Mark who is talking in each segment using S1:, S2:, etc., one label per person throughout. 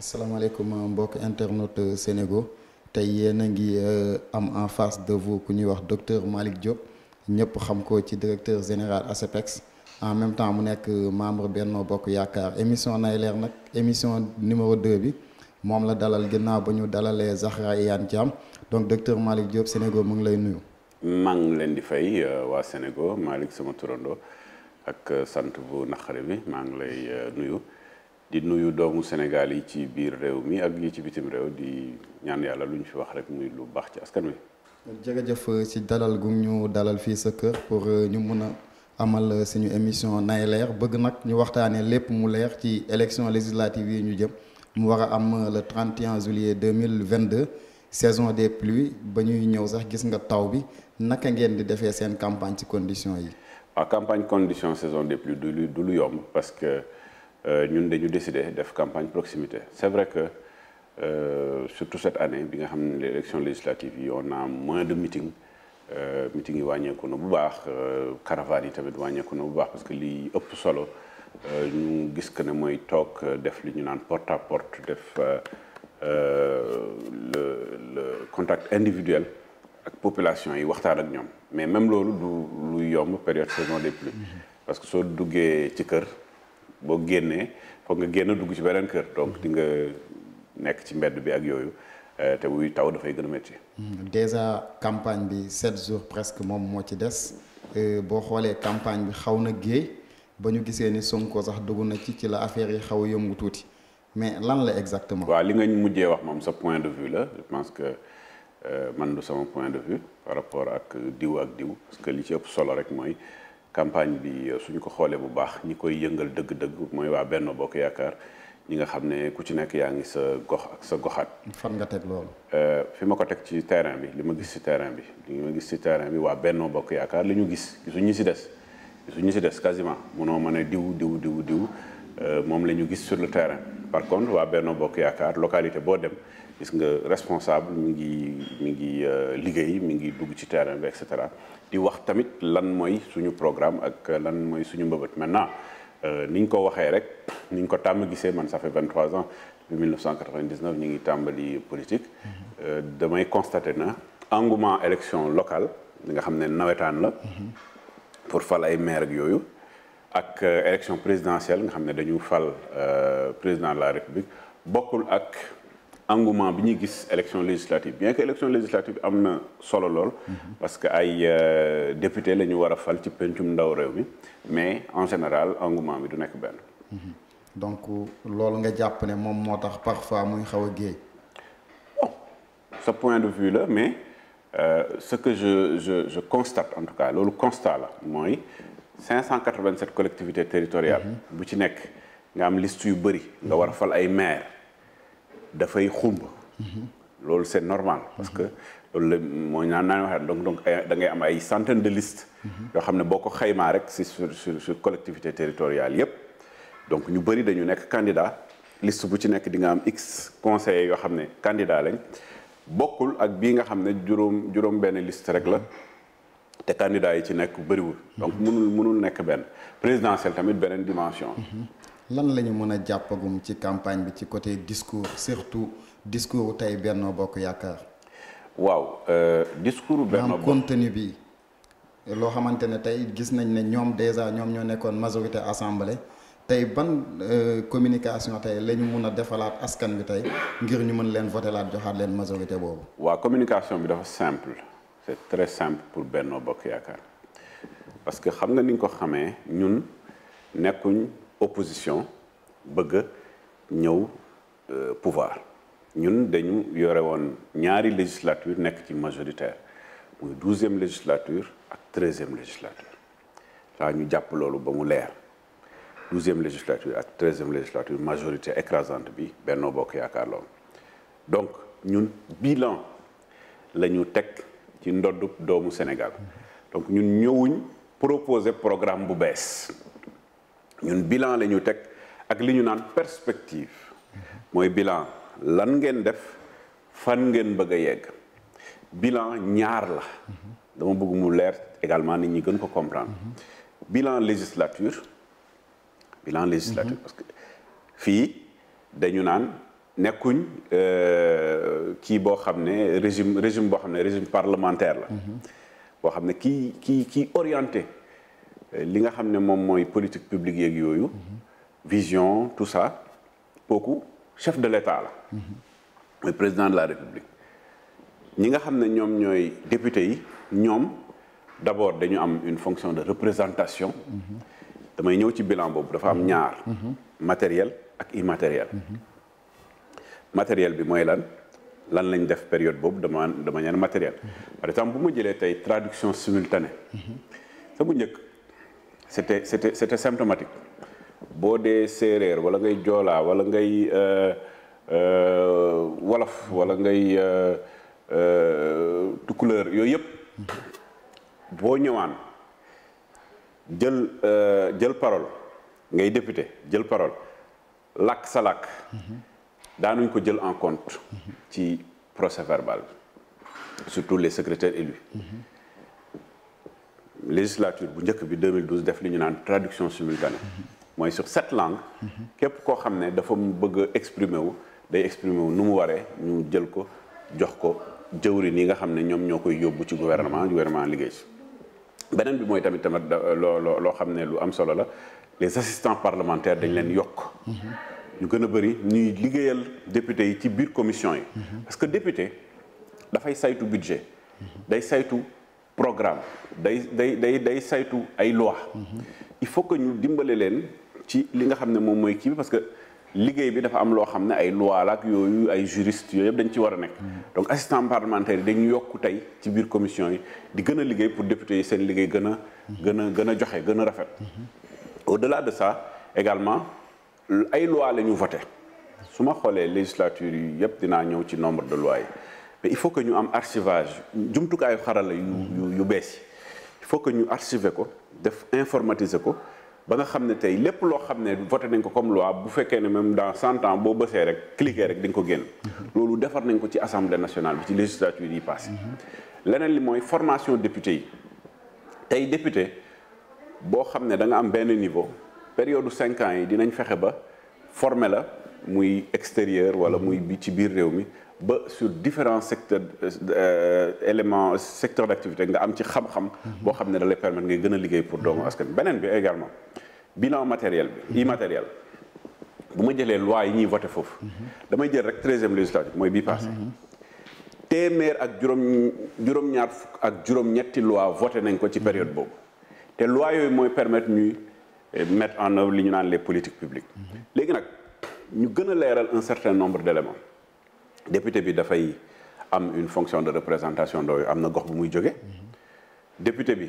S1: asalaamaaleykum euh, mbokk internaute euh, Sénégo tey yéen a ngi euh, am en face de vous ku ñuy wax docteur Malick Diop ñëpp xam ko ci directeur général ASEPEX en même temps mu nekk membre benn Bokk Yaakaar émission nay leer nag émission numéro 2 bi moom la dalal ginnaaw ba ñu dalalee Zahra Iyane Thiam donc docteur Malick Diop Sénégo mu ngi lay nuyu.
S2: maa ngi leen di fay waa Sénégo Malick sama turando ak sant bu naqari bi maa ngi lay nuyu. di nuyu doomu Sénégal yi ci biir réew mi ak yi ci bitim réew di ñaan yàlla lu ñu fi wax rek muy lu baax ci askan wi.
S1: jërëjëf ci dalal gu ñu dalal fii sa kër pour euh, ñu mun a amal euh, suñu émission nay leer bëgg nag ñu waxtaanee lépp mu leer ci élection législative yi ñu jëm mu war a am euh, le mille juillet 2022 saison des pluies ba ñuy ñëw sax gis nga taw bi naka ngeen di defee seen campagne ci conditions yi.
S2: waaw ah, campagne condition saison Euh, ñun dañu décider def campagne proximité c'est vrai que euh, surtout cette année bi nga xam ne les élections législatives yi on a moins de meeting euh, meeting yi wàññeeku na bu baax caravane yi tamit wàññeeku na bu baax parce que li ëpp solo ñu gis que ne mooy toog def li ñu naan porte à porte def le le contact individuel ak population yi waxtaan ak ñoom mais même loolu du luy yomb période saison des pluies parce que soo duggee ci kër. boo génnee foog nga génn dugg ci beneen kër donc di nga nekk ci mbedd bi ak yooyu euh, te wuy taw dafay gën a métti.
S1: Hmm, déjà campagne bi sept jours presque moom moo ci des euh, boo xoolee campagne bi xaw na géey ba ñu gisee ni Sonko sax dugg na ci ci la affaire yi xaw a yëngu tuuti mais lan la exactement.
S2: waaw li nga ñu mujjee wax moom sa point de vue la je pense que euh, man du sama point de vue par rapport ak diw ak diw parce que li ci ëpp solo rek mooy. campagne bi euh, suñ ko xoolee bu baax ñi koy yëngal dëgg-dëgg mooy waa Benno Bokk Yaakaar ñi nga xam ne ku ci nekk yaa ngi sa gox ak sa goxaat.
S1: fan nga teg loolu.
S2: Euh, fi ma ko teg ci terrain bi li ma gis ci terrain bi li ma gis ci terrain bi waa Benno Bokk Yaakaar li ñu gis gisuñ ñu si des gisuñ ñu si des quasiment munoo ma ne diw diw diw diw euh, moom la ñu gis sur le terrain. par contre waa benn Bokk Yaakaar localité boo dem gis nga responsable mi ngi mu ngi euh, liggéey mi ngi dugg ci terrain bi et cetera di wax tamit lan mooy suñu programme ak lan mooy suñu mbëbët maintenant euh, ni ñu ko waxee rek ni ñu ko tàmm gisee man ça fait 23 ans depuis 1999 ñu ngi tàmbali politique mm-hmm. euh, damay constaté na engouement élection locale li nga xam ne nawetaan la mm-hmm. pour fal ay maire ak yooyu ak euh, élection présidentielle nga xam ne dañu fal euh, président de la république bokkul ak engouement bi ñuy gis élection législative bien que élection législative am na solo lool. Mhm. parce que ay euh, député la ñu war a fal ci pencum ndaw réew mi mais en général engouement bi du nekk benn.
S1: Mhm. donc loolu nga jàpp ne moom moo tax parfois muy xaw a géey.
S2: bon sa point de vue la mais ce que je je je constate en tout cas loolu constat la mooy. 587 collectivités territoriales. Mhm. bu ci nekk nga am liste yu bëri. nga war a fal ay maire dafay xumb. Mhm. loolu c'est normal parce que loolu la mooy naan naa waxaat donc donc da ngay am ay centaines de listes. Mhm. yoo xam ne boo ko xaymaa rek si sur sur collectivités territoriales yépp donc ñu bëri dañu nekk candidat liste bu ci nekk di nga am x conseillers yoo xam ne candidat lañ bokkul ak bii nga xam ne juróom juróom benn liste rek la. te candidat yi ci nekk bëriwul. donc mënul mënul nekk benn présidentielle tamit beneen dimension.
S1: Mm-hmm. lan la ñu mën a jàppagum ci campagne bi ci côté discours surtout discours tey Benno Bokk Yaakaar. waaw euh, discours. Benno Bokk contenu bi loo xamante ne tey gis nañ ne ñoom déjà ñoom ñoo nekkoon majorité assemblé tey ban euh, communication tey la ñu mun a defalaat askan bi tey ngir ñu mën leen vote laat joxaat leen majorité boobu. waa communication
S2: bi dafa simple. c'est très simple pour Benno Bokk Yaakaar parce que xam nga ni ñu ko xamee ñun nekkuñ opposition bëgg ñëw euh, pouvoir ñun dañu yore woon ñaari législature nekk ci majoritaire muy douzième législature ak treizième législature saa ñu jàpp loolu ba mu leer douzième législature ak treizième législature majorité écrasante bi Benno Bokk Yaakaar loolu donc ñun bilan la teg ci ndoddu doomu Sénégal donc ñun ñëwuñ proposer programme bu bees ñun bilan la ñu teg ak li ñu naan perspective mooy bilan lan ngeen def fan ngeen bëgg a yegg bilan ñaar la dama bëgg mu leer également nit ñi gën ko comprendre bilan législature bilan législature mhm. parce que fii dañu naan nekkuñ euh, kii boo xam ne régime régime boo xam ne régime parlementaire la. Mhm. boo xam ne kii kii kii orienté euh, li nga xam ne moom mooy politique publique yeeg yooyu. Mhm. vision tout ça kooku chef de l'état la. Mhm. mooy président de la république. ñi nga xam ne ñoom ñooy député yi ñoom d'abord dañu am une fonction de représentation. damay ñëw ci bilan boobu dafa am ñaar. matériel ak immatériel. matériel bi mooy lan lan lañ def période boobu de man de manière matérielle par exemple bu ma jëlee tey traduction simultanée sa bu njëkk c'était c'était c'était symptomatique boo dee séeréer wala ngay joolaa wala ngay euh, euh, wolof walla ngay euh, couleur yooyu yëpp boo ñëwaan jël jël parole ngay député jël parole làkk sa làkk daanuñ ko jël en compte ci procès verbal surtout les secrétaires élus législature bu njëkk bi 2012 def li ñu naan traduction simultanée mooy sur sept langues képp koo xam ne dafa bëgg a exprimer wu day exprimer nu mu waree ñu jël ko jox ko jëwriñ nii nga xam ne ñoom ñoo koy yóbbu ci gouvernement gouvernement liggéey si beneen bi mooy tamit tamit loo loo xam ne lu am solo la les assistants parlementaires dañ leen yokk ñu gën a bëri ñuy liggéeyal député yi ci biir commission yi. Mhm. parce que député dafay saytu budget. Mhm. day saytu programme day day day day saytu ay loi mhm. il faut que ñu dimbale leen ci li nga xam ne moom mooy kii bi parce que liggéey bi dafa am loo xam ne ay loi la ak yooyu ay juriste yooyu yëpp dañ ci war a nekk. donc assistant parlementaire yi dañu yokku tey ci biir commission yi di gën a liggéey pour député yi seen liggéey gën a. gën a gën a joxe gën a rafet. au delà de ça également. ay loi la ñu voté su ma xoolee législature yi yëpp dinaa ñëw ci nombre de lois yi mais il faut que ñu am archivage jumtukaayu xarala yu yu bees yi il faut que ñu archiver ko def informatiser ko ba nga xam ne tey lépp loo xam ne voté nañ ko comme loi bu fekkee ne même dans cent ans boo bësee rek cliquer rek di nga ko génn loolu defar nañ ko ci assemblée nationale bi ci législature yi passé leneen li mooy formation député yi tey député boo xam ne da am benn niveau période cinq ans yi dinañ fexe ba former la muy extérieur wala muy bi ci biir réew mi ba sur secteur secteurs euh, éléments secteur d'activité nga am ci xam-xam boo xam ne da lay permettre ngay gën liggéey pour doomu askan beneen bi également bilan matériel bi immatériel bu ma jëlee loi yi ñuy voté foofu damay jël rek treizième législature mooy bii passé téeméer ak juróom juróom ak juróom-ñetti loi voté nañ ko ci période boobu te loi yooyu mooy permettre mettre en œuvre li ñu naan les politiques publiques. léegi nag ñu gën a leeral un certain nombre d' éléments député bi dafay am une fonction de représentation dooyu am na gox bu muy jóge député bi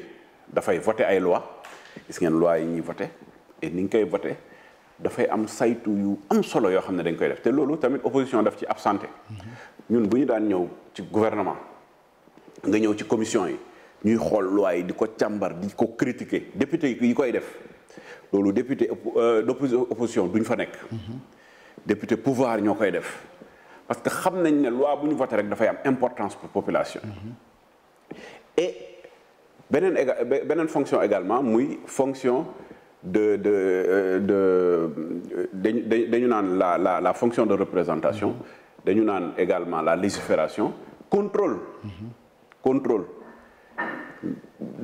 S2: dafay voté ay loi gis ngeen loi yi ñuy voté et ni ñu koy voté dafay am saytu yu am solo yoo xam ne dañ koy def te loolu tamit opposition def ci absenté ñun bu ñu daan ñëw ci gouvernement nga ñëw ci commission yi ñuy xool loi yi di ko càmbar di ko critiquer député yi koy def loolu député euh, opposition duñ fa nekk. député pouvoir ñoo koy def parce que xam nañ ne loi bu ñu voté rek dafay am importance pour population. et beneen beneen fonction également muy fonction de de euh, de dañu naan la la la fonction de représentation. dañu naan également la légifération contrôle. contrôle.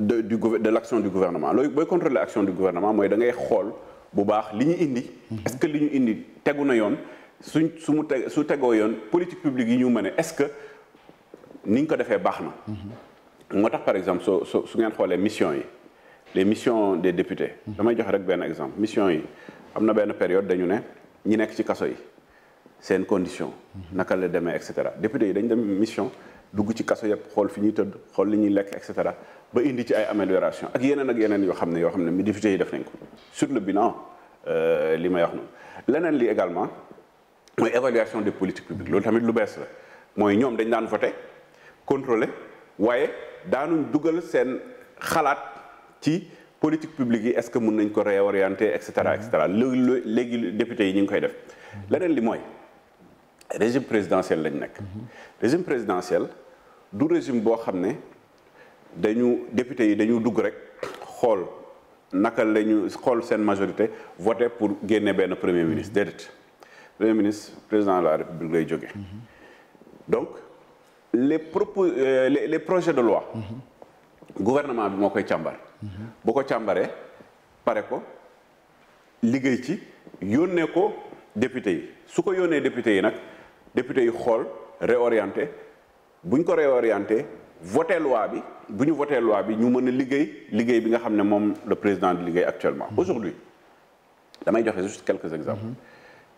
S2: de du de l'action du gouvernement looy booy contrôler action du gouvernement mooy da ngay xool bu baax li ñu indi. Mhm. est que li ñu indi tegu na yoon suñ su mu teg su tegoo yoon politique publique yi ñu ma ne est-ce que ni ñu ko defee baax na.
S3: Mhm.
S2: moo tax par exemple soo soo su ngeen xoolee mission yi les missions des députés. Mhm. damay joxe rek benn exemple mission yi am na benn période dañu ne ñi nekk ci kaso yi seen condition naka la demee et cetera député yi dañ dem mission. dugg ci kaso yëpp xool fi ñuy tëdd xool li ñuy lekk et cetera ba indi ci ay amélioration ak yeneen ak yeneen yoo xam ne yoo xam ne mi député yi def nañ ko sur le bilan euh, li may wax noonu leneen li également mooy évaluation de politiques publiques loolu tamit lu bees la mooy ñoom dañ daan voté contrôlé waaye daanuñ dugal seen xalaat ci politique publique yi est-ce que mun nañ ko réorienter et cetera et cetera léegi léegi député yi ñu ngi koy def leneen li mooy régime présidentiel lañ nekk. régime présidentiel du régime boo xam ne dañu député yi dañu dugg rek xool naka la ñu xool seen majorité voté pour génne benn premier ministre déedéet premier ministre président la république lay jóge donc les propos euh, les les projets de loi. gouvernement bi moo koy càmbar. boo ko càmbaree pare ko liggéey ci yónnee ko député yi su ko yónnee député yi nag. député yu xool réorienté buñ ñu ko réorienté voté loi bi bu ñu voté loi bi ñu mën a liggéey liggéey bi nga xam ne moom le président di liggéey actuellement. Mhm. aujourd'hui damay joxe juste quelques exemples. Mhm.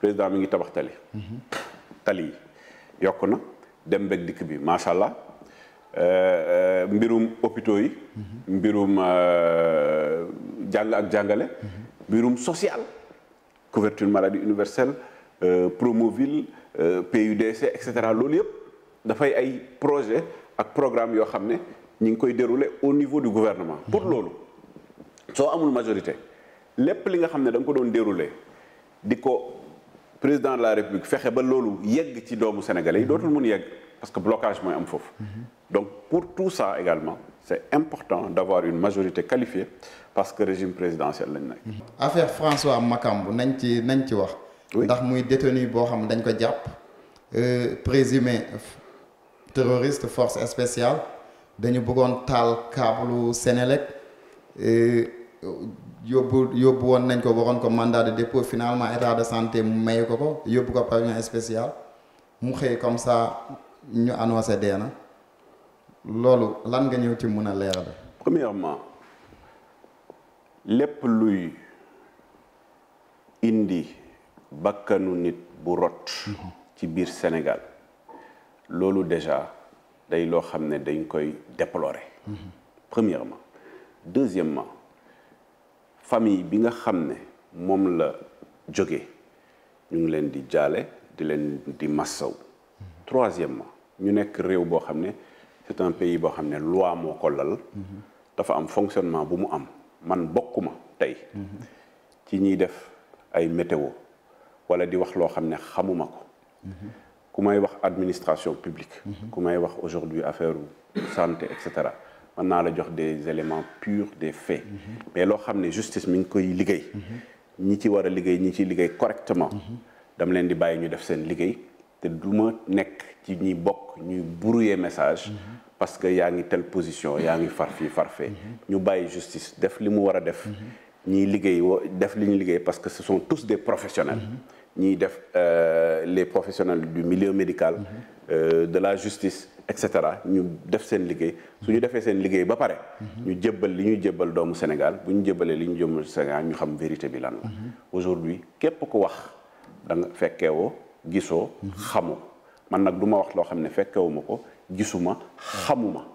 S2: président mi ngi tabax tali. Mhm. tali yokk na dem beeg dikk bi macha allah euh, mbirum hôpitaux yi. mbirum euh, jàng ak jàngale. mbirum social couverture maladie universelle euh, Promoville. Euh, PUDC et cetera loolu yëpp dafay ay projet ak programme yoo xam ne ñi ngi koy dérouler au niveau du gouvernement. pour mhm. loolu soo amul majorité lépp li nga xam ne da ko doon dérouler di ko président de la république fexe ba loolu yegg ci doomu sénégalais yi mhm. dootul mun yegg parce que blocage mooy am foofu. Mhm. donc pour tout ça également c'est important d'avoir une majorité qualifiée parce que régime présidentiel lañ
S1: nekk. affaire François Makambu nañ ci nañ ci wax. ndax muy détenu boo xam dañ ko jàpp euh, présumé terroriste force spéciale dañu bëggoon taal kaablu Sénélec euh, yóbbu yóbbu woon nañ ko waxoon ko mandat de dépôt finalement état de santé mu may ko ko yóbbu ko pavillon spécial mu xëy comme ça ñu annoncé dee na loolu lan nga ñëw ci mun a leerale premièrement
S2: lépp luy indi bakkanu nit bu rot ci biir Sénégal loolu déjà day loo xam ne dañ koy déplorer premièrement deuxièmement famille bi nga xam ne moom la jóge ñu ngi leen di jaale di leen di massaw troisièmement ñu nekk réew boo xam ne c'est pays boo xam ne loi moo ko lal dafa am fonctionnement bu mu am man bokkuma tey mhm. ci ñiy def ay météo wala di wax loo xam ne xamuma ko ku may wax administration publique ku may wax aujourd'hui affaire santé et man naa la jox des éléments purs des faits mais loo xam ne justice mi ngi koy liggéey ñi ci war a liggéey ñi ciy liggéey correctement dama leen di bàyyi ñu def seen liggéey te du ma nekk ci ñi bokk ñuy brouiller message parce que yaa ngi telle position yaa ngi far fii far fee ñu bàyyi justice def li mu war a def ñiy liggéey def li ñu liggéey parce que ce sont tous des professionnels ñuy def euh, les professionnels du milieu médical mhm. euh, de la justice et cetera ñu def seen liggéey su ñu defee seen liggéey ba pare mhm. ñu jëbbal li ñuy jébbal doomu Sénégal bu ñu jébbalee li ñu jébbal Sénégal ñu xam vérité bi lan la mhm. aujourd'hui képp ko wax da nga fekkeewoo gisoo xamoo man nag du ma wax loo xam ne fekkewuma ko gisuma xamuma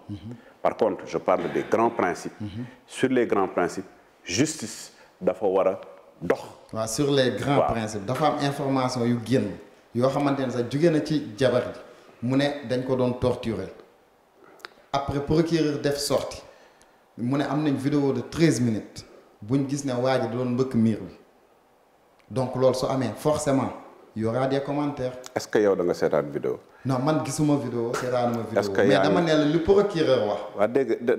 S2: par contre je parle des grands principes sur les grands principes justice
S1: dafa war dox. waaw sur les grands principes. dafa am information yu génn yoo xamante ne sax jóge na ci jabar ji mu ne dañ ko doon torturer après procureur def sorti mu ne am nañ vidéo de treize minutes buñ gis ne waa ji doon mbëkk miir bi donc loolu su amee forcément yoo aura des commentaires.
S2: est-ce que yow da nga seetaan vidéo.
S1: non man gisuma vidéo seetaanuma vidéo. est-ce que mais dama ne la lu procureur wax.
S2: waaw dégg da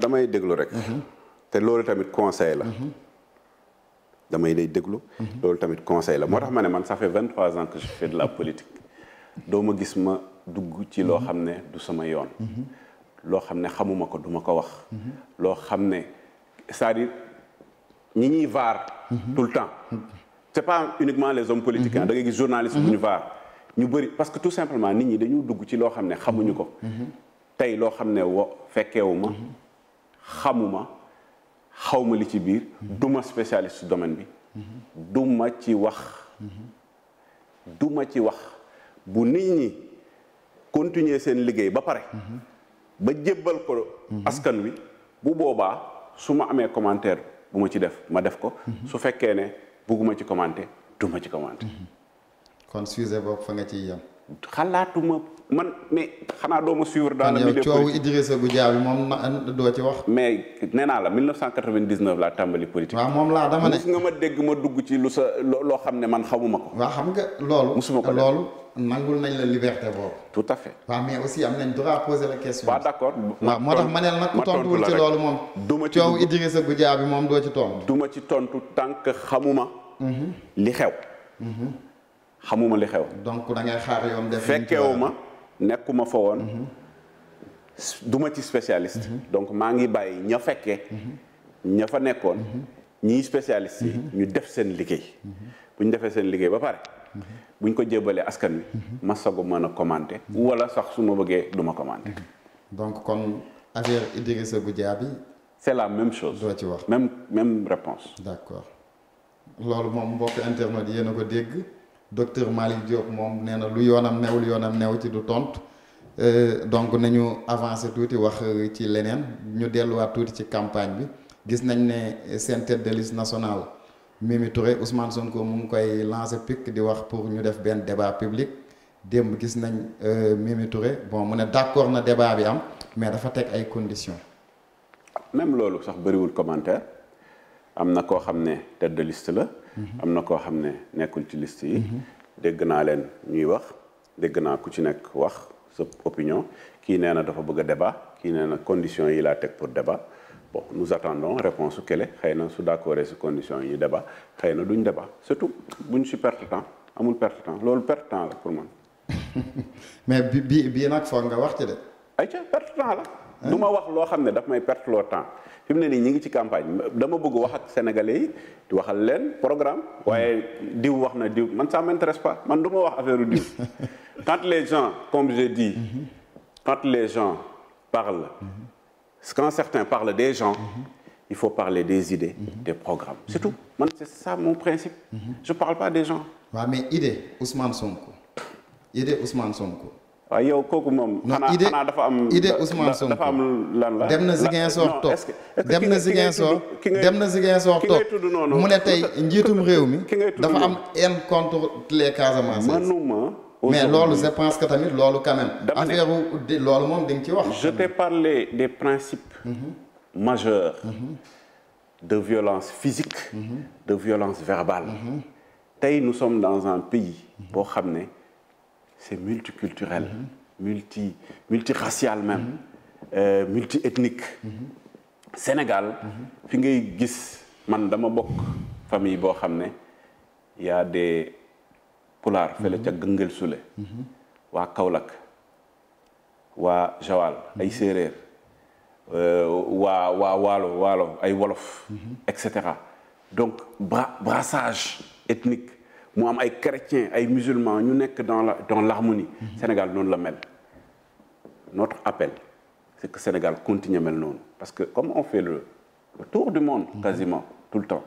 S2: damay déglu rek. Mhm. te loolu tamit conseil la. Mhm. damay lay déglu. loolu tamit conseil la moo tax ma ne man ça fait vingt trois ans que je fais de la politique doo ma gis ma dugg ci loo xam ne du sama yoon. loo xam ne xamuma ko du ma ko wax. loo xam ne c'est-à-dire ñi ñuy vaar. tout le temps c'est pas uniquement les hommes politiques da ngay gis journaliste bu ñu vaar. ñu bëri parce que tout simplement nit ñi dañu dugg ci loo xam ne xamuñu ko. tey loo xam ne wo fekkeewu xamuma. xaw ma li ci biir du ma spécialiste domaine bi du ma ci wax duma ci wax bu nit ñi continuer seen liggéey ba pare ba jëbbal ko askan wi bu boobaa su ma amee commentaire bu ci def ma def ko su fekkee ne bugguma ci commenter du ma ci commenter
S1: kon sujet boobu fa nga ci yem
S2: xalaatuma man mais xanaa doo ma suivre. daan le milieu coowu
S1: Idrissa Goudia moom doo ci wax. mais nee naa la 1999 laa tàmbali politique. moom laa dama ne mus
S2: nga ma dégg ma ci lu sa loo xam ne man xamuma ko.
S1: waaw xam nga loolu. musuma ko loolu nangul nañ la liberté boobu. tout à fait. waaw mais aussi am nañ droit poser la question. waaw d' ma ne la nag du ma ci coowu Idrissa Goudia bi moom doo ci
S2: tontu. du ma ci tontu tant que xamuma. Mhm. li xew. Mhm. xamuma li xew. donc da ngay xaar yoon def fekkeewu ma. nekkuma fa woon mhm. duma ci spécialiste mhm. donc maa ngi bàyyi ña fekkee mhm. ña fa nekkoon ñii spécialiste yi ñu def seen liggéey bu ñu defee seen liggéey ba pare bu ñu ko jébalee askan wi ma sogo mën a commenter wala sax su ma bëggee du ma commenter
S1: donc kon affaire Idrissa Goudiaby bi c'est la même chose doo ci wax même même réponse d'accord loolu moom mbokk internet yéen a ko dégg docteur Malick Diop moom nee na lu yoonam newul yoonam new ci du tontu euh, donc nañu avancer tuuti wax ci leneen ñu delluwaat tuuti ci campagne bi gis nañ ne seen tête de liste nationale Mimi Touré Ousmane Sonko mu ngi koy lancer pic di wax pour ñu def benn débat public démb gis nañ euh, Mimi Touré bon mu ne d'accord na débat bi am mais dafa teg ay conditions.
S2: même loolu sax bëriwul commentaire am na koo xam ne tête de liste la. am na koo xam ne nekkul ci liste yi. Mhm. dégg naa leen ñuy wax dégg naa ku ci nekk wax sa opinion kii nee na dafa bëgg a débat kii nee na conditions yi laa teg pour débat bon nous attendons réponse su kele xëy na su d'accord si conditions yi ñu débat xëy na duñ débat surtout buñ si perte temps amul perte temps loolu perte temps la pour man. mais bi bii nag foog nga wax ci de. ayca perte temps la. lu ma wax loo xam ne dafa may perte loo temps fi mu ne nii ñi ngi ci campagne dama bëgg wax ak sénégalais yi waxal leen programme waaye diw wax na diw man ça m'intéresse pas man du ma wax affaire diw quand les gens comme je dis quand les gens parlent quand certains parlent des gens il faut parler des idées des programmes c'est tout man c'est ça mon principe je parle pas des gens
S1: waaw mais idée Ousmane Sonko idée Ousmane Sonko waaw yow kooku moom. xanaa dafa am idée Ousmane Sonko lan la dem na Ziguinchor toog dem na Ziguinchor dem na Ziguinchor toog mu ne tey njiitum réew mi dafa am haine contre les Casamance. manuma mais loolu je pense tamit loolu quand même. affaire di loolu moom wax.
S2: je t'ai parlé des principes mhm. majeurs mhm. de violence physique. Mhm. de violence verbale. tey nous sommes dans un pays boo xam ne. c'est multiculturel. multi multiracial même. Euh, multiethnique. Sénégal. fi ngay gis man dama bokk famille boo xam ne y de des pulaar fële ca gëngël sule waa kawlak waa Joal ay séeréer euh, waa waa waalo waalo ay wolof et cetera donc brassage ethnique mu am ay chrétiens ay musulmans ñu nekk dans la dans l'harmonie mmh. Sénégal noonu la mel notre appel c'est que Sénégal continue mel noonu parce que comme on fait le, le tour du monde mhm. quasiment tout le temps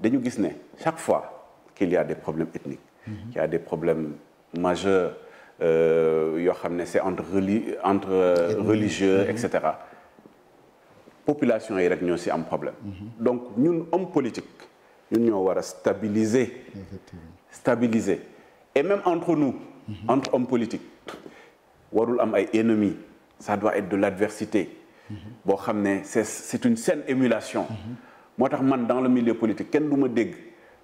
S2: dañu gis ne chaque fois qu'il y des problèmes ethniques mhm. qu'il y des problèmes majeurs euh, yoo xam ne c'est entre reli entre euh, religieux mhm. et cetera population yi rek ñoo si am problème donc ñun homme politique ñun ñoo war a stabiliser. stabiliser et même entre nous. Mhm. entre hommes politiques warul am ay ennemis ça doit être de l'adversité. Mhm. boo xam ne c'est c'est une saine émulation. Mhm. moo tax man dans le milieu politique kenn du ma dégg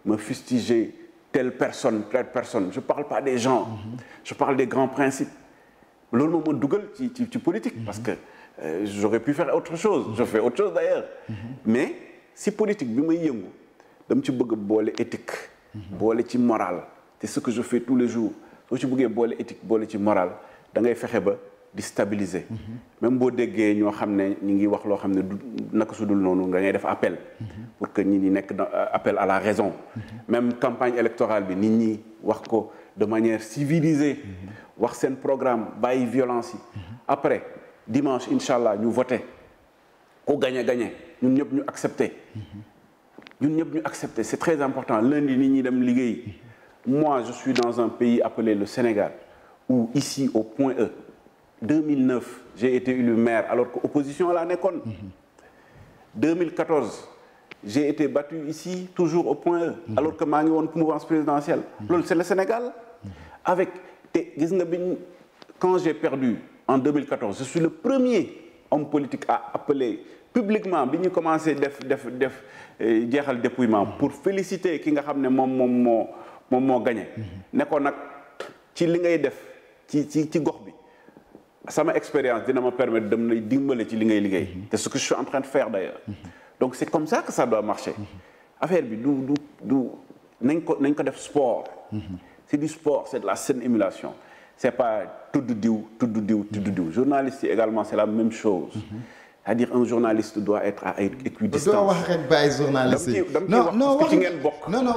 S2: ma fustiger telle personne telle personne je parle pas des gens. je parle des grands principes. loolu moom ma dugal ci ci ci politique. parce que euh, j'aurais pu faire autre chose. je fais autre chose d'ailleurs. mais si politique bi may yëngu. dam ci bëgg boole éthique. boole ci morale te ce que je fais tous les jours soo ci bëggee boole éthique boole ci morale da ngay fexe ba di stabiliser. même boo déggee ñoo xam ne ñu ngi wax loo xam ne du naka su noonu nga ngay def appel. pour que nit ñi nekk euh, appel à la raison. même campagne électorale bi nit ñi wax ko de manière civilisée. wax seen programme bàyyi violence yi. après dimanche incha allah ñu voté ku gagné gagné ñun ñëpp ñu accepté. ñun ñëpp ñu accepter c'est très important lundi ni ñi dem liggéey moi je suis dans un pays appelé le Sénégal où ici au point E 2009 j'ai été élu maire alors que opposition laa nekkoon 2014 j'ai été battu ici toujours au point E alors que maa ngi woon mouvance présidentielle loolu c'est le Sénégal avec te gis nga biñ quand j'ai perdu en 2014 je suis le premier homme politique à appeler publiquement bi ñu commencé def def def Eh, jeexal dépouillement pour féliciter ki nga xam ne moom moom moo moom moo gañe ne ko nag ci li ngay def ci ci ci gox bi sama expérience dina ma permettre dem na dimbale ci li ngay liggéey te ce que je suis en train de faire d'ailleurs donc c'est comme ça que ça doit marcher affaire bi du du du nañ ko nañ ko def sport c'est du sport c'est de la saine émulation c'est pas tudd diw tudd diw tudd diw journaliste yi également c'est la même chose c'est-à-dire un journaliste doit être à équidistance. doo wax rek bàyyi journaliste yi. non non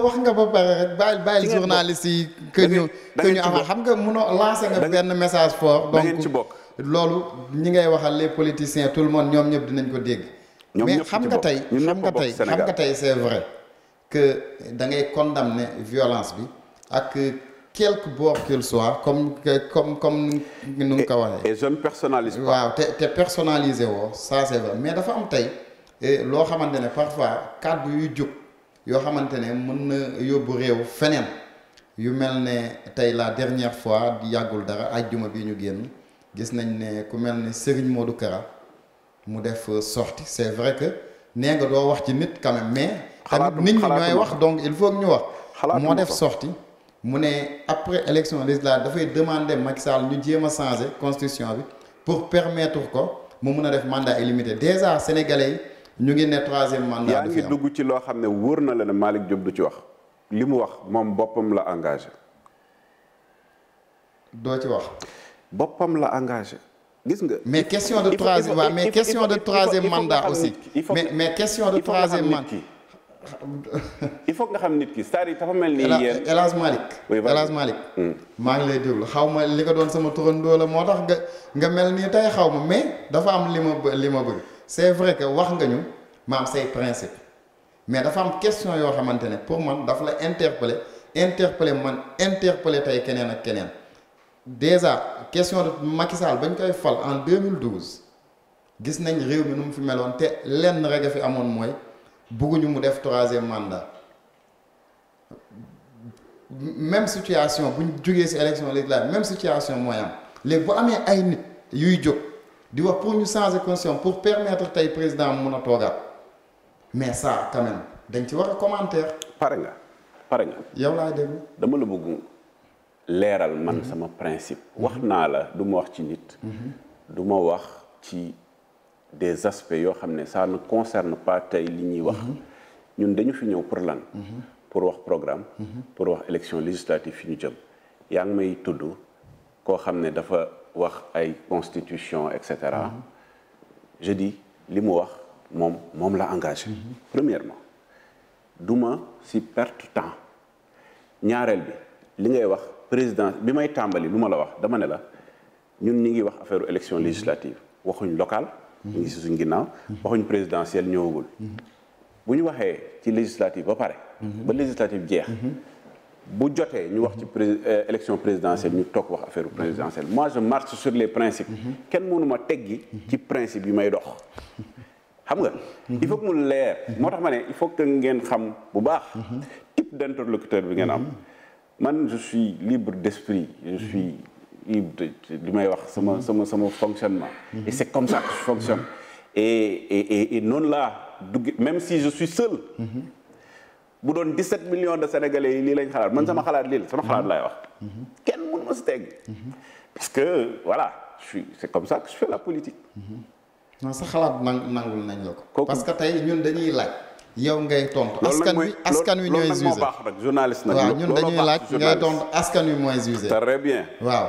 S1: wax ci nga ba pare rek bàyyi bàyyi journaliste yi. que ñu que ñu am xam nga mënoo lancer nga benn message fort. donc loolu ñi ngay waxal les politiciens tout le monde ñoom ñëpp dinañ ko dégg. ñoom ñëpp mais xam nga tey xam nga tey xam nga tey c'est vrai que da ngay condamner violence bi ak. quelque bord qu'il soit comme comme comme nu ngi ko waxee.
S2: et je ne waaw
S1: te te personnalisé woo ça c'est vrai mais dafa am tey e, loo xamante ne parfois kàddu yu jub yoo xamante ne mën na yóbbu réew feneen yu mel ne tey la dernière fois di yàggul dara ajjuma bi ñu génn gis nañ ne ku mel ne Serigne Modou Kara mu def sortie c'est vrai que nee nga doo wax ci nit quand même mais. tamit nit ñi ñooy wax donc il faut ñu wax. moo def sortie mu ne après élection législative dafay demande Macky Sall ñu jéem a changer constitution bi pour permettre ko mu mun a def mandat illimité déjà sénégalais yi ñu ngi ne troisième mandat. yaa ngi dugg
S2: ci loo xam ne wóor na la ne Malick Diop du ci wax li mu wax moom boppam la engagé.
S1: doo ci wax. boppam la engagé. gis nga mais question de troisième mais question de troisième mandat aussi mais mais question de troisième mandat.
S2: il faut nga xam nit ki c'est-à-dire dafa mel ni. yéen El Hadj Malick.
S1: oui El hmm. maa ngi lay déglu xaw ma li ko doon sama turandoo la moo tax nga nga mel nii tey xaw ma mais dafa am li ma li ma bëgg c'est vrai que wax nga ñu maam say principe mais dafa am question yoo xamante ne pour man daf la interpeller interpeller man interpeller tey keneen ak keneen déjà question de Macky Sall bañ koy fal en 2012 gis nañ réew mi nu mu fi meloon te lenn rek a fi amoon mooy. bugguñu mu def troisième mandat même situation buñ jógee ci élection législative même situation mooy am léegi bu amee ay nit yuy jóg di wax pour ñu changer constitution pour permettre tey président mun a toogaat mais ça quand même dañ ci wax a commentaire. pare nga pare nga. yow laa déglu.
S2: dama la bëgg leeral man sama principe. wax naa la du ma wax ci nit. Mhm. du wax ci. des aspects yoo xam ne ça ne concerne pas tey li ñuy wax ñun dañu fi ñëw pour lan pour wax programme pour wax élection législative fi ñu jëm yaa ngi may tudd koo xam ne dafa wax ay constitution et cetera je dis li mu wax moom moom la engagé premièrement duma si perte temps ñaareel bi li ngay wax président bi may tàmbali lu ma la wax dama ne la ñun ñi ngi wax affaire élection législative waxuñ locale ñu ngi si suñ ginnaaw waxuñ présidentielle ñëwagul bu ñu waxee ci législative ba pare ba législative jeex bu jotee ñu wax ci euh, élection présidentielle ñu toog wax affaire présidentielle mois je marche sur les principes kenn mënu ma teggi ci principe yi may dox xam nga il faut que mu leer moo tax ma ne il faut que ngeen xam bu baax type d'interlocuteur bi ngeen am man je suis libre d'esprit je suis li may wax sama sama sama fonctionnement et c'est comme ça que je fonctionne et et noonu laa même si je suis seul bu doon 17 millions de sénégalais yi lii lañ xalaat man sama xalaat lii la sama xalaat laay wax kenn mënu ma si teg parce que voilà je suis c'est comme ça que je fais la politique
S1: non sa xalaat nangul nañ la ko parce que tey ñun dañuy laaj yow ngay tontu. askan wi askan wi ñooy juge
S2: loolu nag moo baax rek mooy juge. très bien waaw.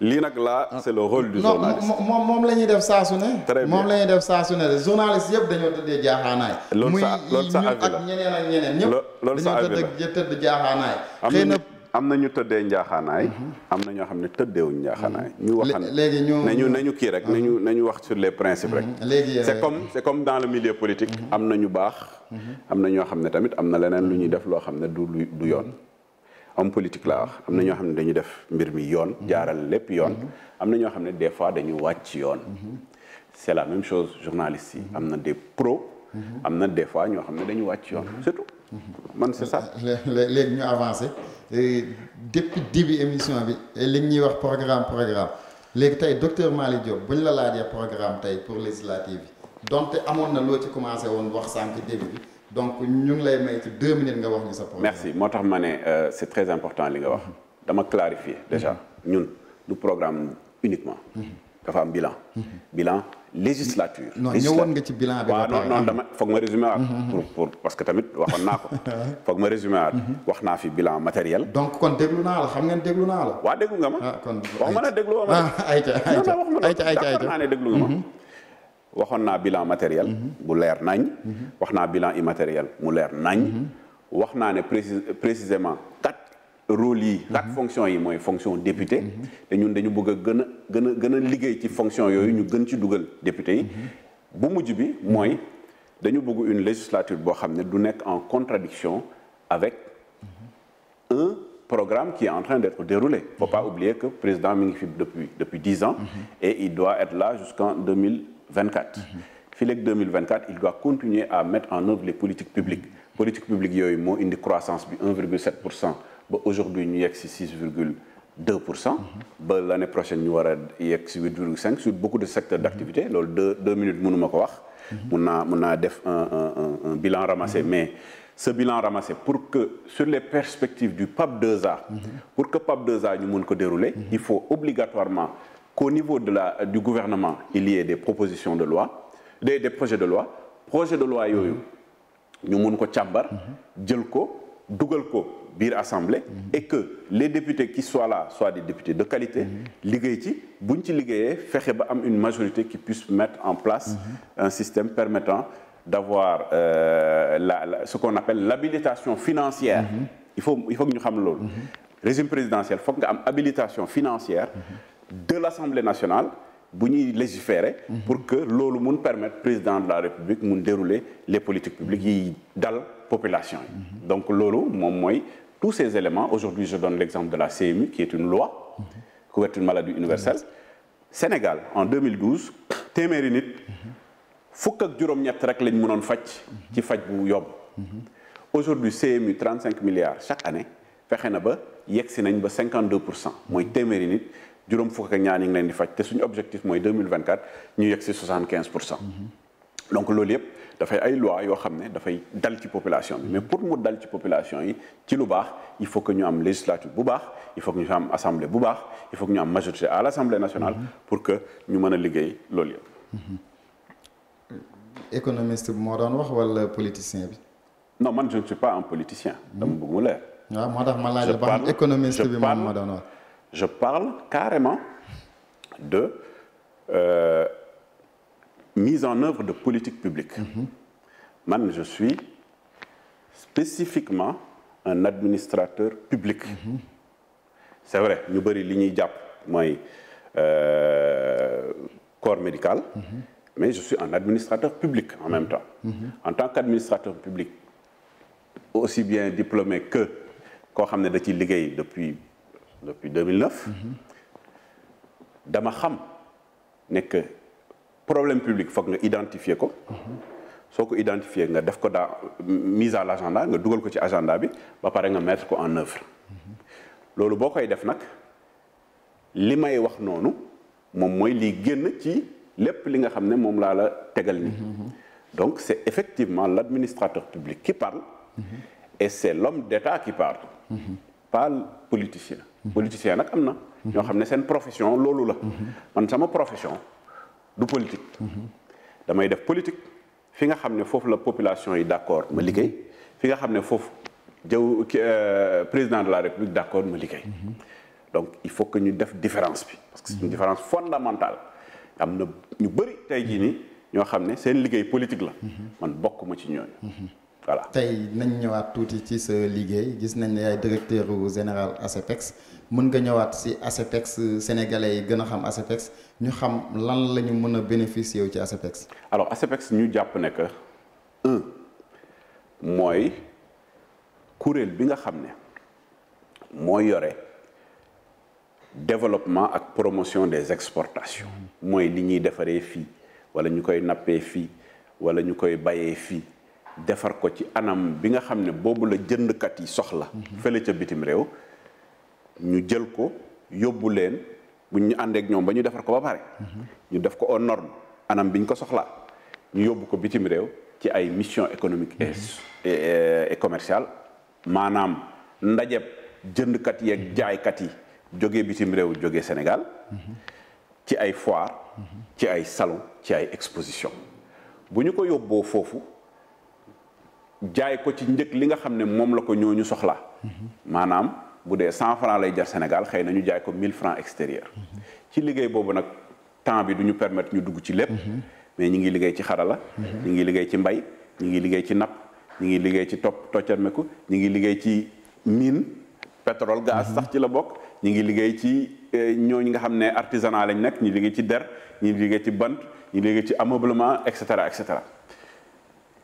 S2: lii nag laa c'est le rôle du journaliste.
S1: non moom moom la ñuy def saa su ne. moom la ñuy def saa su ne de journaliste yëpp dañoo tëddee jaaxaanaay. loolu sa
S2: loolu sa avis la muy ñun ak ñeneen ak ñeneen ñëpp. loolu sa avis
S1: la dañoo
S2: am na ñu tëddee njaaxaanaay. Mhm. am na ñoo xam ne tëddeewuñ njaaxaanaay. Mhm. ñu waxan léegi ñu nañu nañu kii rek nañu mhm. nañu wax sur les principes rek. léegi euh, c'est comme c'est comme dans le milieu politique. am na ñu baax. am na ñoo xam ne tamit am na leneen lu ñuy def loo xam ne du du yoon. om politique laa wax am na ñoo xam ne dañuy def mbir mi yoon. jaaral lépp yoon. am na ñoo xam ne des fois dañu wàcc yoon. c'est la même chose journalistes yi am na des pros. am na des fois ñoo xam ne dañu wàcc
S1: yoon surtout. man c'est ça euh, léegi ñu avancé. depuis début émission bi li ñuy wax programme programme léegi tey docteur Malick Diop bu ñu la laajee programme tey pour législative yi donte amoon na loo ci commencé woon wax sànq début bi donc ñu ngi lay may ci deux minutes nga wax ñu sa programme.
S2: merci moo tax ma ne euh, c'est très important li nga wax dama clarifier déjà mm-hmm. ñun lu programme uniquement. Mm-hmm. dafa am bilan. Mm-hmm. bilan. législature. non ñëwoon nga
S1: ci bilan bi. waaw non non dama
S2: foog ma résumé waat. Mhm, mhm. pour pour parce que tamit waxoon naa ko. Ah. foog ma résumé waat. Mhm. wax naa fi bilan matériel. donc kon déglu naa la xam ngeen déglu naa la. waa déglu nga ma. ah kon wax ma ne déglu ma. ah ayca ayca ayca ayca ayca naa ne déglu nga ma. waxoon naa bilan matériel. bu leer nañ. wax naa bilan immatériel mu leer nañ. wax naa ne précis précisément quatre. rôle yi mhm. quatre fonctions yi mooy fonction député mhm. te ñun dañu bëgg a gën a gën a liggéey ci fonction yooyu ñu gën ci dugal député yi mhm. bu mujj bi mooy dañu bëgg une législature boo xam ne du nekk en contradiction avec un programme qui est en train d'être déroulé faut pas oublier que président mi ngi fi depuis depuis dix ans et il doit être là jusqu'en 2024 fii il doit continuer à mettre en œuvre les politiques publiques yooyu moo indi croissance bi cent ba aujourd'hui ñu yegg si 6 virgule pour cent. ba l' année prochaine ñu war a yegg si 8 virgule 5 sur beaucoup de secteurs d' activité loolu deux deux minutes mënu ko wax. mun naa mun naa def un un un bilan ramassé mm-hmm. mais. ce bilan ramassé pour que sur les perspectives du PAP 2A mm-hmm. pour que PAP 2A ñu mun ko dérouler mm-hmm. il faut obligatoirement qu'au niveau de la du gouvernement il y des propositions de loi des des projets de loi projet de loi yooyu ñu mun ko càmbar jël ko dugal ko biir assemblée et que les députés qui soient là soient des députés de qualité liggéey ci buñ ci liggéeyee fexe ba am une majorité qui puisse mettre en place un système permettant d'avoir euh, la, la, ce qu'on appelle l'habilitation financière il faut il faut que ñu xam loolu régime présidentiel foog nga am habilitation financière de l'Assemblée nationale bu ñuy légiférer pour que loolu mun permettre président de la République mun dérouler les politiques publiques yi dal population donc loolu moom mooy tous ces éléments, aujourd'hui je donne l'exemple de la CMU qui est une loi, couverture maladie universelle, Sénégal en 2012 téeméeri nit fukk ak juróom-ñett rek lañ mënoon faj ci faj bu yomb. aujourd'hui CMU 35 milliards chaque année fexe na ba yegg si nañ ba pour cent mooy téeméeri nit juróom fukk ak ñaar ñu ngi leen di faj te suñu objectif mooy ñu yegg pour cent. donc loolu yëpp dafay ay loi yoo xam ne dafay dal ci population bi mais pour mu dal ci population yi ci lu baax il faut que ñu am législature bu baax il faut que ñu am assemblée bu baax il ñu am majorité à l'assemblée nationale mm-hmm. pour que ñu mën a liggéey loolu yëpp
S1: mm-hmm. économiste bi moo doon wax walla politicien bi no man je ne suis pas un politicien mm-hmm. dama bëgg mu leer waaw moo tax ma laaj la ba xam économiste bi moo doon
S2: wax je parle carrément de euh, mise en œuvre de politique publiques. man je suis spécifiquement un administrateur public. c'est vrai ñu bëri li ñuy jàpp mooy euh, corps médical. mais je suis un administrateur public en même temps. en tant qu'administrateur public aussi bien diplômé que koo xam ne da ciy liggéey depuis depuis 2009. dama xam ne que problème public foog nga identifier ko. soo ko identifier nga def ko daa mise à l' agenda nga dugal ko ci agenda bi ba pare nga mettre ko en œuvre. loolu boo koy def nag li may wax noonu moom mooy li génn ci lépp li nga xam ne moom laa la tegal nii. donc c' est effectivement l' administrateur public qui parle. et c' est l'homme d'État qui parle. pas politicien. politicien nag am na. ñoo xam ne seen profession loolu la. man sama profession. du politique. damay def politique fi nga xam ne foofu la population yi d' accord ma liggéey fi nga xam ne foofu jaww euh, président de la république d' accord ma liggéey. donc il faut que ñu def différence bi. parce que c'est une différence fondamentale am na ñu bëri tey jii ni ñoo xam ne seen liggéey politique la. man ma ci ñooñu. voilà
S1: tey nañ ñëwaat tuuti ci sa liggéey gis nañ ne yaay directeur général ASEPEX. mën nga ñëwaat si ASEPEX sénégalais yi gën a xam ASEPEX ñu xam lan la ñu mën a bénéficier wu ci ASEPEX.
S2: alors ASEPEX ñu jàpp ne que mooy kuréel bi nga xam ne mooy yore développement ak promotion des exportations mooy li ñuy defaree fii wala ñu koy nappee fii wala ñu koy bayee fii. defar ko ci anam bi nga xam ne boobu la jëndkat yi soxla. Mhm. fële ca bitim réew. ñu jël ko yóbbu leen bu ñu àndeek ñoom ba ñu defar ko ba pare. ñu def ko aux normes anam bi ko soxla ñu yóbbu ko bitim réew ci ay mission économique e et mhm. euh, commerciale maanaam ndajeb jëndkat yi ak mhm. jaaykat yi jógee bitim réew jógee Sénégal. Mhm. ci ay foire ci ay salon ci ay exposition bu ñu ko yóbboo foofu jaay ko ci njëg li nga xam ne moom la ko ñooñu soxla maanaam. bu dee cent franc lay jar Sénégal xëy nañu ñu jaay ko mille franc extérieur ci liggéey boobu nag temps bi du ñu permettre ñu dugg ci lépp mais ñi ngi liggéey ci xarala ñi ngi liggéey ci mbay ñi ngi liggéey ci napp ñi ngi liggéey ci topp toccarmeku ñi ngi liggéey ci mine pétrole gaz sax ci la bokk ñi ngi liggéey ci euh, ñooñu nga xam ne artisanat lañ nekk ñi liggéey ci der ñi liggéey ci bant ñi liggéey ci ameublement et cetera et cetera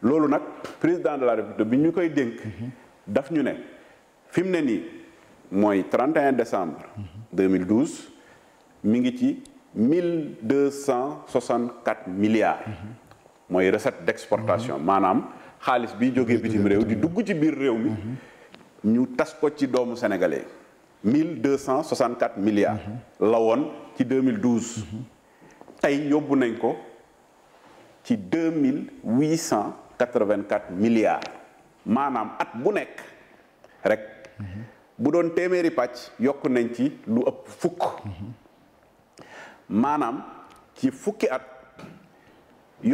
S2: loolu nag président de la république bi ñu koy dénk daf ñu ne fi ne nii mooy 31 décembre 2012 mi ngi ci 1264 milliards mooy recette d'exportation mhm. maanaam xaalis bi jógee bitim réew di dugg ci biir réew mi mhm. ñu tas ko ci doomu sénégalais 1264 milliards mhm. la woon ci 2012 tey yóbbu nañ ko ci 2884 milliards maanaam at bu nekk rek bu doon téeméeri pàcc yokk nañ ci lu ëpp fukk maanaam ci fukki at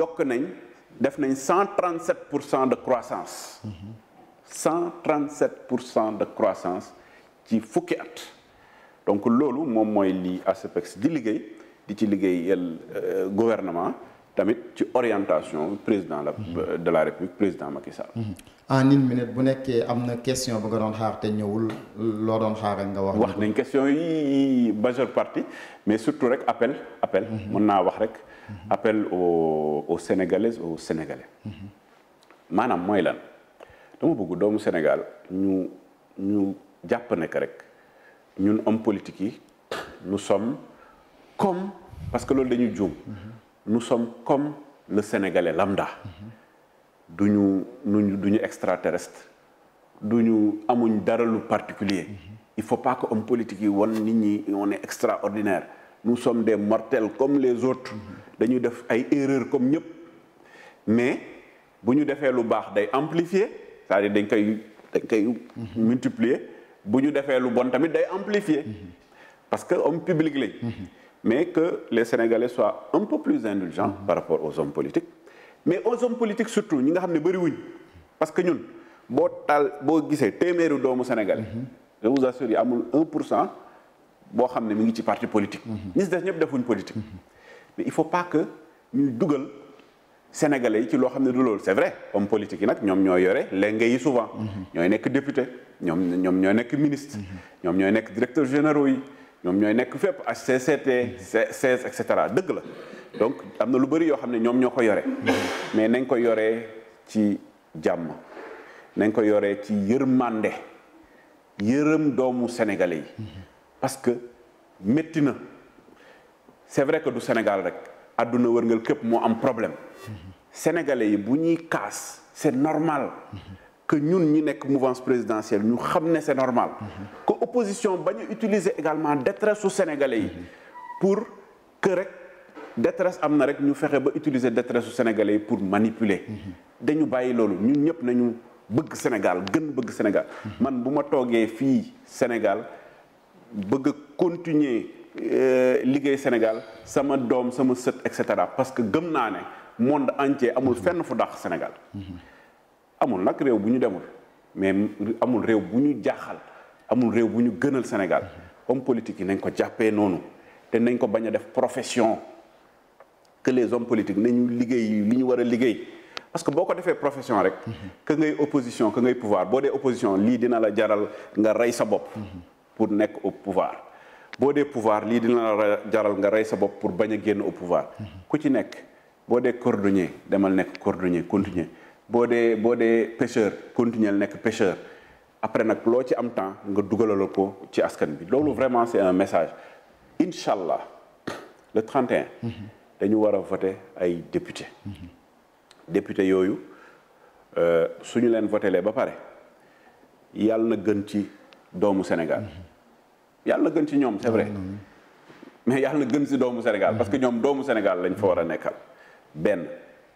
S2: yokk nañ def nañ cent trente sept pour cent de croissance cent trente sept pour cent de croissance ci fukki at donc loolu moom mooy li ASEPEX di liggéey di ci liggéey liggéeyal euh, gouvernement tamit ci orientation président la de la république président Macky Sall.
S1: Mhm. en une minute bu nekkee am na question bu nga doon xaar te ñëwul loo doon xaar nga wax. wax
S2: nañ question yi majeure partie mais surtout rek appel appel. Mhm. mën naa wax rek. appel aux aux sénégalaises aux sénégalais. Mhm. maanaam mooy lan dama bëgg doomu Sénégal ñu ñu jàpp nekk rek ñun homme politique yi nous sommes comme parce que loolu dañuy juum. nous sommes comme le sénégalais lambda du ñu nuñ du ñu extraterrestre du ñu amuñ dara lu particulier il faut pas que homme politique yi won nit ñi on est ordinaire nous sommes des mortels comme les autres dañuy def ay erreurs comme ñëpp mais bu ñu defee lu baax day amplifier cest à dañ koy dañ koy multiplier bu ñu defee lu bon tamit day amplifier parce que homme public lañ mais que les Sénégalais soient un peu plus indulgents par rapport aux hommes politiques mais aux hommes politiques surtout ñi nga xam ne bëri parce que ñun boo taal boo gisee téeméeru doomu Sénégalais mhm. je vous assure amul pour cent boo xam ne mu ngi ci parti politique mhm. ñi si des ñëpp defuñ politique mhm. mais il faut pas que ñuy dugal Sénégalais yi ci loo xam ne du loolu c'est vrai homme politique yi nag ñoom ñoo yore lenge yi souvent ñooy nekk député ñoom ñoom ñooy nekk ministre ñoom ñooy nekk directeur généraux yi ñoom ñooy nekk fépp HCCT C16 et cetera dëgg la donc am na lu bëri yoo xam ne ñoom ñoo ko yore mais nañ koy yoree ci jàmm nañ ko yoree ci yërmande yërëm doomu sénégalais yi parce que métti na c'est vrai que du Sénégal rek adduna wërngal képp moo am problème sénégalais yi bu ñuy kaas c'est normal que ñun ñi nekk mouvance présidentielle ñu xam ne c'est normal ko opposition ba ñu utiliser également détresse su sénégalais yi pour kër rek détresse am na rek ñu fexe ba utiliser détresse su sénégalais yi pour manipuler dañu bàyyi loolu ñun ñëpp nañu bëgg Sénégal gën bëgg Sénégal man bu ma toogee fii Sénégal bëgg a continuer euh, liggéey Sénégal sama doom sama sët et cetera parce que gëm naa ne monde entier amul fenn fu dàq Sénégal amul nag réew bu ñu demul mais amul réew bu ñu jaaxal amul réew bu ñu gënal Sénégal homme politique yi nañ ko jàppee noonu te nañ ko bañ a def profession que les hommes politique nañu liggéey li ñu war a liggéey parce que boo ko defee profession rek que ngay opposition que ngay pouvoir boo dee opposition lii dina la jaral nga rey sa bopp pour nekk au pouvoir boo dee pouvoir lii dina la jaral nga rey sa bopp pour bañ a génn au pouvoir ku ci nekk boo dee cordonnier demal nekk cordonnier continuer boo dee boo dee pêcheur continuer nekk pêcheur après nag loo ci am temps nga dugalaloo ko ci askan bi loolu vraiment c'est un message incha allah le 31. dañu war a voter ay député député yooyu euh, su ñu leen lee ba pare yàlla na gën ci doomu Sénégal yàlla na gën ci ñoom c'est vrai mais yàlla na gën ci doomu Sénégal parce que ñoom doomu Sénégal lañ fa war a nekkal benn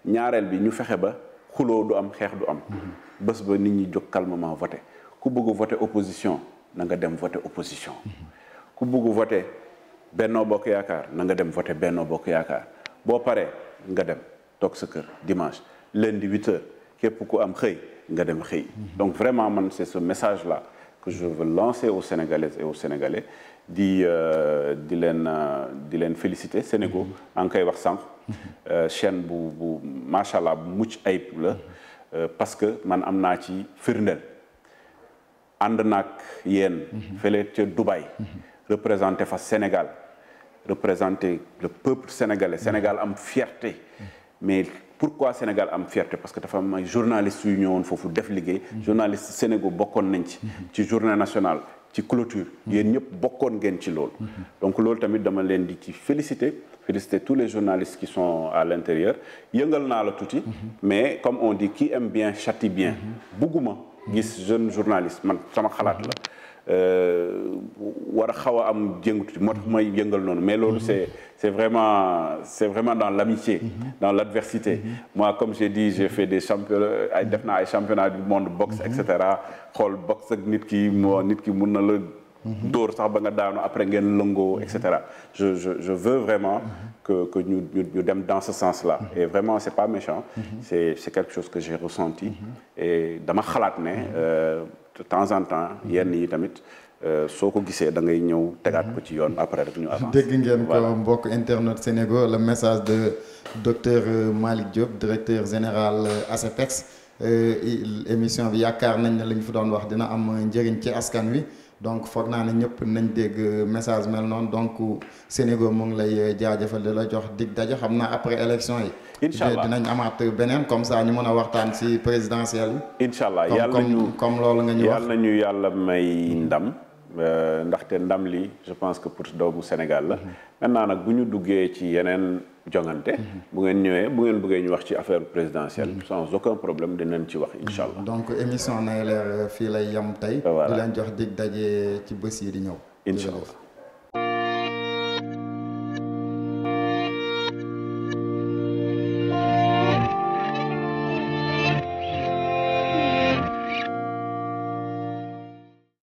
S2: ñaareel bi ñu fexe ba. xuloo du am xeex du am. Mhm. bés ba nit ñi jóg calmement voté ku bëgg voté opposition na nga dem voté opposition. Mhm. ku bugg voté Benno Bokk Yaakaar na nga dem voté Benno Bokk Yaakaar boo paree nga dem toog sa kër dimanche lundi huit heures képp ku am xëy nga dem xëy. Mhm. donc vraiment man c'est ce message la que je veux lancer aux Sénégalaises et aux Sénégalais. di euh, di leen euh, di leen félicité Sénégal mhm. maa ngi koy wax sànq mhm. euh, chaîne bu bu macha allah bu mucc ayib la mhm. parce que man am naa ci firndeel ànd naag yéen fële ca Dubaï représenté fa Sénégal représenté le peuple sénégalais Sénégal am fierté mais pourquoi Sénégal am fierté parce que dafa am ay journalistes yu ñëwoon foofu def liggéey journaliste Sénégal bokkoon nañ ci ci journée national ci clôture yéen ñëpp bokkoon ngeen ci loolu donc loolu tamit dama leen di ci féliciter féliciter tous les journalistes qui sont à l'intérieur yëngal naa la tuuti mais comme on dit qui aime bien châtie bien bugguma gis jeune journaliste man sama xalaat la Euh, war a xaw a am jëngutu moo tax may yëngal noonu mais loolu c'est c'est vraiment c'est vraiment dans l'amitié dans l'adversité moi comme j'ai dit j'ai fait des championnats ay def naa ay championnat du monde boxe et cetera xool boxe ak nit ki moo nit ki mun na la dóor sax ba nga daanu après ngeen lëngoo et cetera je veux vraiment que ñu ñu dem dans ce sens-là et vraiment c'est pas méchant c'est c'est quelque chose que j'ai ressenti et dama xalaat ne euh, de temps en temps yenn yi tamit euh, soo ko gisee da ngay ñëw tegaat ko ci yoon après rek ñu avance dégg ngeen ko
S1: mbokk internet Sénégal le message de docteur euh, Malick Diop directeur général euh, ASEPEX émission bi yaakaar nañ ne la ñu doon wax dina am njëriñ ci askan wi donc foog naa ne ñëpp nañ dégg message mel noonu donc Sénégal mu ngi lay jaajëfal di la jox dig daje xam naa après élection yi. incha allah dinañ amaat beneen comme ñu mën a waxtaan si présidentielle yi. incha allah yàlla ñu comme loolu nga ñu wax
S2: yàlla nañu may ndam. Euh, ndaxte ndam li je pense que pour doomu Sénégal la. Mm-hmm. maintenant nag bu ñu duggee ci yeneen. jongante bu ngeen ñëwee bu ngeen bëggee ñu wax ci affaire présidentielle mm-hmm. sans aucun problème dinañ ci wax incha allah.
S1: donc émission Nay Leer fii lay yem tey. di leen jox dig daje ci bés yi di ñëw. incha allah.